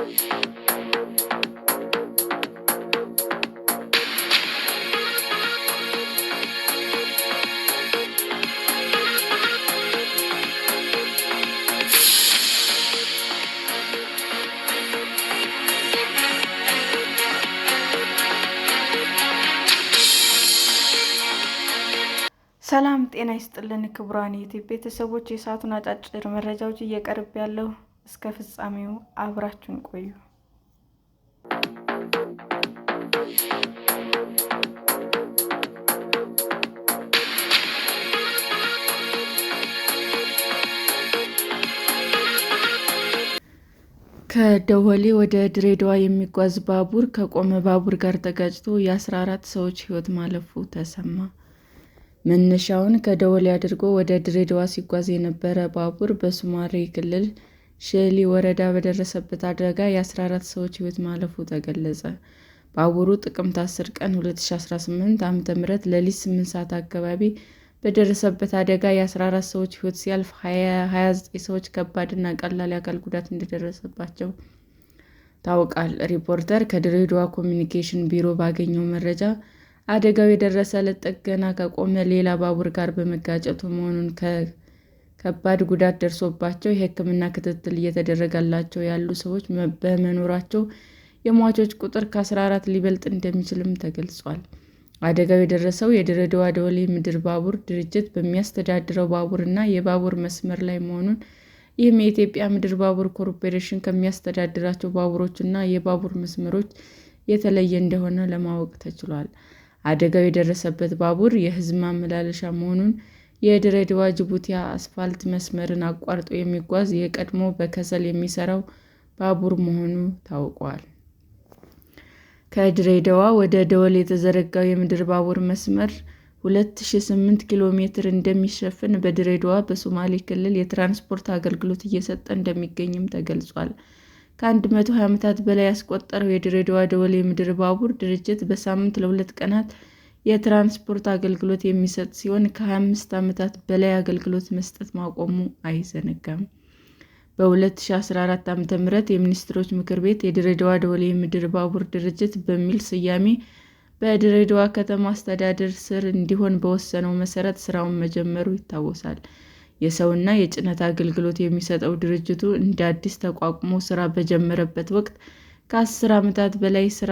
ሰላም ጤና ይስጥልን ክቡራን ዩቲዩብ ቤተሰቦች፣ የሰዓቱን አጫጭር መረጃዎች እየቀርብ ያለው እስከ ፍጻሜው አብራችን ቆዩ። ከደወሌ ወደ ድሬዳዋ የሚጓዝ ባቡር ከቆመ ባቡር ጋር ተጋጭቶ የአስራ አራት ሰዎች ሕይወት ማለፉ ተሰማ። መነሻውን ከደወሌ አድርጎ ወደ ድሬዳዋ ሲጓዝ የነበረ ባቡር በሶማሌ ክልል ሽዕሊ ወረዳ በደረሰበት አደጋ የ14 ሰዎች ሕይወት ማለፉ ተገለጸ። ባቡሩ ጥቅምት 10 ቀን 2018 ዓ.ም ሌሊት 8 ሰዓት አካባቢ በደረሰበት አደጋ የ14 ሰዎች ሕይወት ሲያልፍ 29 ሰዎች ከባድና ቀላል የአካል ጉዳት እንደደረሰባቸው ታውቃል። ሪፖርተር ከድሬዳዋ ኮሚኒኬሽን ቢሮ ባገኘው መረጃ አደጋው የደረሰለት ጥገና ከቆመ ሌላ ባቡር ጋር በመጋጨቱ መሆኑን ከባድ ጉዳት ደርሶባቸው የሕክምና ክትትል እየተደረገላቸው ያሉ ሰዎች በመኖራቸው የሟቾች ቁጥር ከ14 ሊበልጥ እንደሚችልም ተገልጿል። አደጋው የደረሰው የድሬዳዋ ደወሌ ምድር ባቡር ድርጅት በሚያስተዳድረው ባቡር እና የባቡር መስመር ላይ መሆኑን ይህም የኢትዮጵያ ምድር ባቡር ኮርፖሬሽን ከሚያስተዳድራቸው ባቡሮችና የባቡር መስመሮች የተለየ እንደሆነ ለማወቅ ተችሏል። አደጋው የደረሰበት ባቡር የህዝብ ማመላለሻ መሆኑን የድሬዳዋ ጅቡቲ አስፋልት መስመርን አቋርጦ የሚጓዝ የቀድሞ በከሰል የሚሰራው ባቡር መሆኑ ታውቋል። ከድሬዳዋ ወደ ደወል የተዘረጋው የምድር ባቡር መስመር 2008 ኪሎ ሜትር እንደሚሸፍን በድሬዳዋ በሶማሌ ክልል የትራንስፖርት አገልግሎት እየሰጠ እንደሚገኝም ተገልጿል። ከ120 ዓመታት በላይ ያስቆጠረው የድሬዳዋ ደወል የምድር ባቡር ድርጅት በሳምንት ለሁለት ቀናት የትራንስፖርት አገልግሎት የሚሰጥ ሲሆን ከ25 ዓመታት በላይ አገልግሎት መስጠት ማቆሙ አይዘነጋም። በ2014 ም የሚኒስትሮች ምክር ቤት የድሬዳዋ ደወሌ ምድር ባቡር ድርጅት በሚል ስያሜ በድሬዳዋ ከተማ አስተዳደር ስር እንዲሆን በወሰነው መሰረት ስራውን መጀመሩ ይታወሳል። የሰውና የጭነት አገልግሎት የሚሰጠው ድርጅቱ እንደ አዲስ ተቋቁሞ ስራ በጀመረበት ወቅት ከአስር ዓመታት በላይ ስራ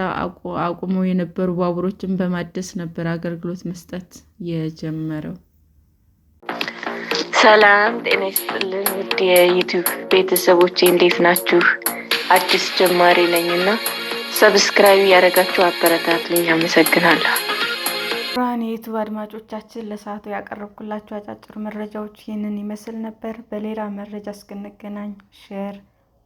አቁመው የነበሩ ባቡሮችን በማደስ ነበር አገልግሎት መስጠት የጀመረው። ሰላም ጤና ይስጥልን ውድ የዩቱብ ቤተሰቦች እንዴት ናችሁ? አዲስ ጀማሪ ነኝ እና ሰብስክራይብ ያደረጋችሁ አበረታትልኝ። አመሰግናለሁ። ብርሃን የዩቱብ አድማጮቻችን ለሰዓቱ ያቀረብኩላችሁ አጫጭር መረጃዎች ይህንን ይመስል ነበር። በሌላ መረጃ እስክንገናኝ ሼር